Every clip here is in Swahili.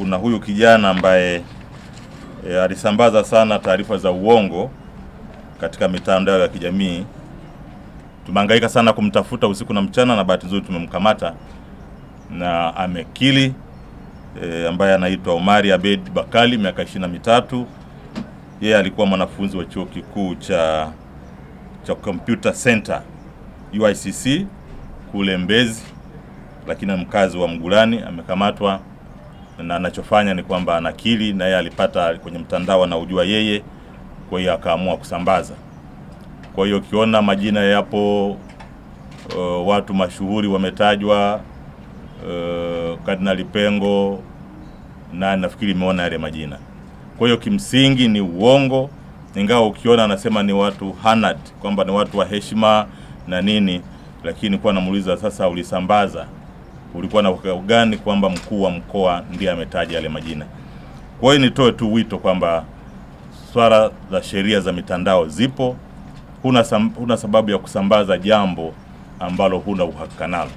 kuna huyu kijana ambaye e, alisambaza sana taarifa za uongo katika mitandao ya kijamii. Tumehangaika sana kumtafuta usiku na mchana, na bahati nzuri tumemkamata na amekili e, ambaye anaitwa Omari Abed Bakali, miaka ishirini na mitatu. Yeye alikuwa mwanafunzi wa chuo kikuu cha cha Computer Center UICC kule Mbezi, lakini mkazi wa Mgulani amekamatwa na anachofanya ni kwamba anakili na yeye alipata kwenye mtandao anaujua yeye, kwa hiyo akaamua kusambaza. Kwa hiyo ukiona majina yapo, uh, watu mashuhuri wametajwa, uh, Kardinali Pengo na nafikiri imeona yale majina. Kwa hiyo kimsingi ni uongo, ingawa ukiona anasema ni watu hanad, kwamba ni watu wa heshima na nini, lakini kwa namuuliza sasa, ulisambaza ulikuwa na wakao gani kwamba mkuu wa mkoa ndiye ametaja yale majina? Kwa hiyo nitoe tu wito kwamba swala za sheria za mitandao zipo, huna, sam, huna sababu ya kusambaza jambo ambalo huna uhakika nalo.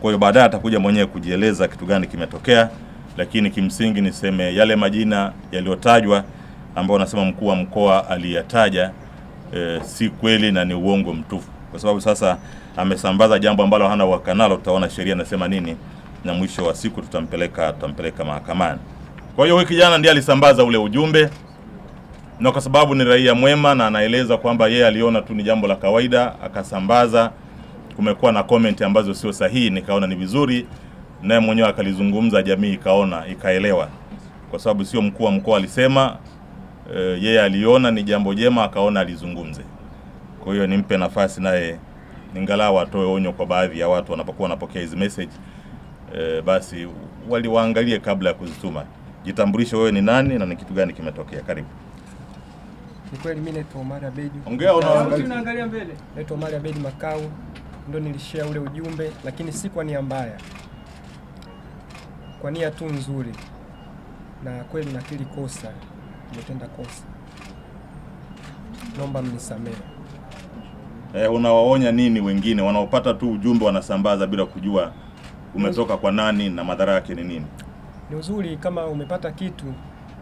Kwa hiyo baadaye atakuja mwenyewe kujieleza kitu gani kimetokea, lakini kimsingi niseme yale majina yaliyotajwa ambayo anasema mkuu wa mkoa aliyataja, e, si kweli na ni uongo mtufu kwa sababu sasa amesambaza jambo ambalo hana uhakika nalo. Tutaona sheria inasema nini, na mwisho wa siku tutampeleka tutampeleka mahakamani. Kwa hiyo huyu kijana ndiye alisambaza ule ujumbe, na kwa sababu ni raia mwema na anaeleza kwamba yeye aliona tu ni jambo la kawaida akasambaza. Kumekuwa na comment ambazo sio sahihi, nikaona ni vizuri naye mwenyewe akalizungumza, jamii ikaona ikaelewa, kwa sababu sio mkuu wa mkoa alisema, eh, yeye aliona ni jambo jema, akaona alizungumze. Kwa hiyo nimpe nafasi naye ningalau atoe onyo kwa baadhi ya watu wanapokuwa wanapokea hizi message e, basi waliwaangalie kabla ya kuzituma. Jitambulishe wewe ni nani na ni kitu gani kimetokea. Karibu. Ni kweli mimi naitwa Omar Abedi. Ongea unaangalia mbele. Naitwa Omar Abedi Makau. Ndio nilishare ule ujumbe lakini si kwa nia mbaya. Kwa nia tu nzuri. Na kweli nakiri kosa. Nimetenda kosa. Naomba mnisamehe eh, unawaonya nini wengine wanaopata tu ujumbe wanasambaza bila kujua umetoka kwa nani na madhara yake ni nini? Ni uzuri kama umepata kitu,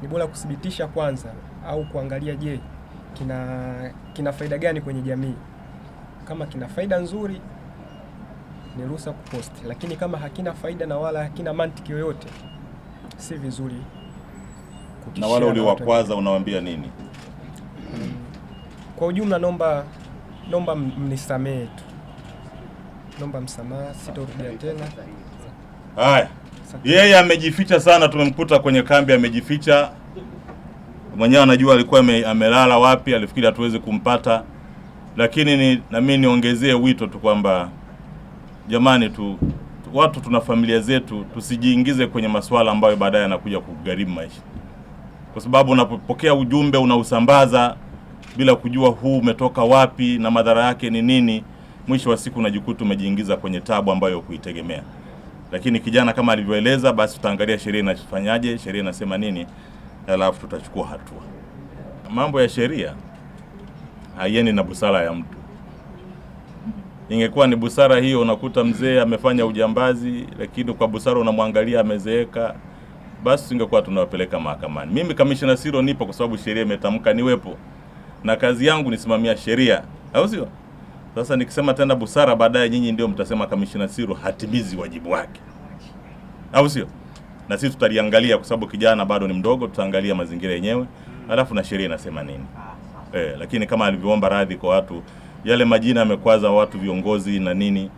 ni bora kuthibitisha kwanza, au kuangalia je, kina kina faida gani kwenye jamii. Kama kina faida nzuri ni ruhusa kupost, lakini kama hakina faida na wala hakina mantiki yoyote, si vizuri. Na wale uliowakwaza unawaambia nini? Hmm. Kwa ujumla naomba naomba mnisamehe tu, naomba msamaha, sitorudia tena. Haya, yeye amejificha sana, tumemkuta kwenye kambi amejificha mwenyewe, anajua alikuwa amelala wapi, alifikiri hatuwezi kumpata. Lakini ni, na mimi niongezee wito tu kwamba jamani tu watu tuna familia zetu, tusijiingize kwenye masuala ambayo baadaye yanakuja kugharimu maisha, kwa sababu unapopokea ujumbe unausambaza bila kujua huu umetoka wapi na madhara yake ni nini. Mwisho wa siku unajikuta umejiingiza kwenye tabu ambayo kuitegemea. Lakini kijana kama alivyoeleza, basi tutaangalia sheria inafanyaje, sheria inasema nini, alafu tutachukua hatua. Mambo ya sheria haieni na busara ya mtu. Ingekuwa ni busara hiyo, unakuta mzee amefanya ujambazi, lakini kwa busara unamwangalia amezeeka, basi singekuwa tunawapeleka mahakamani. Mimi kamishna Siro nipo kwa sababu sheria imetamka niwepo na kazi yangu nisimamia sheria, au sio? Sasa nikisema tena busara, baadaye nyinyi ndio mtasema kamishina Siru hatimizi wajibu wake, au sio? Na sisi tutaliangalia kwa sababu kijana bado ni mdogo, tutaangalia mazingira yenyewe, alafu na sheria inasema nini. E, lakini kama alivyoomba radhi kwa watu, yale majina yamekwaza watu viongozi na nini.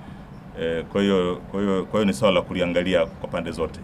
E, kwa hiyo kwa hiyo kwa hiyo ni swala la kuliangalia kwa pande zote.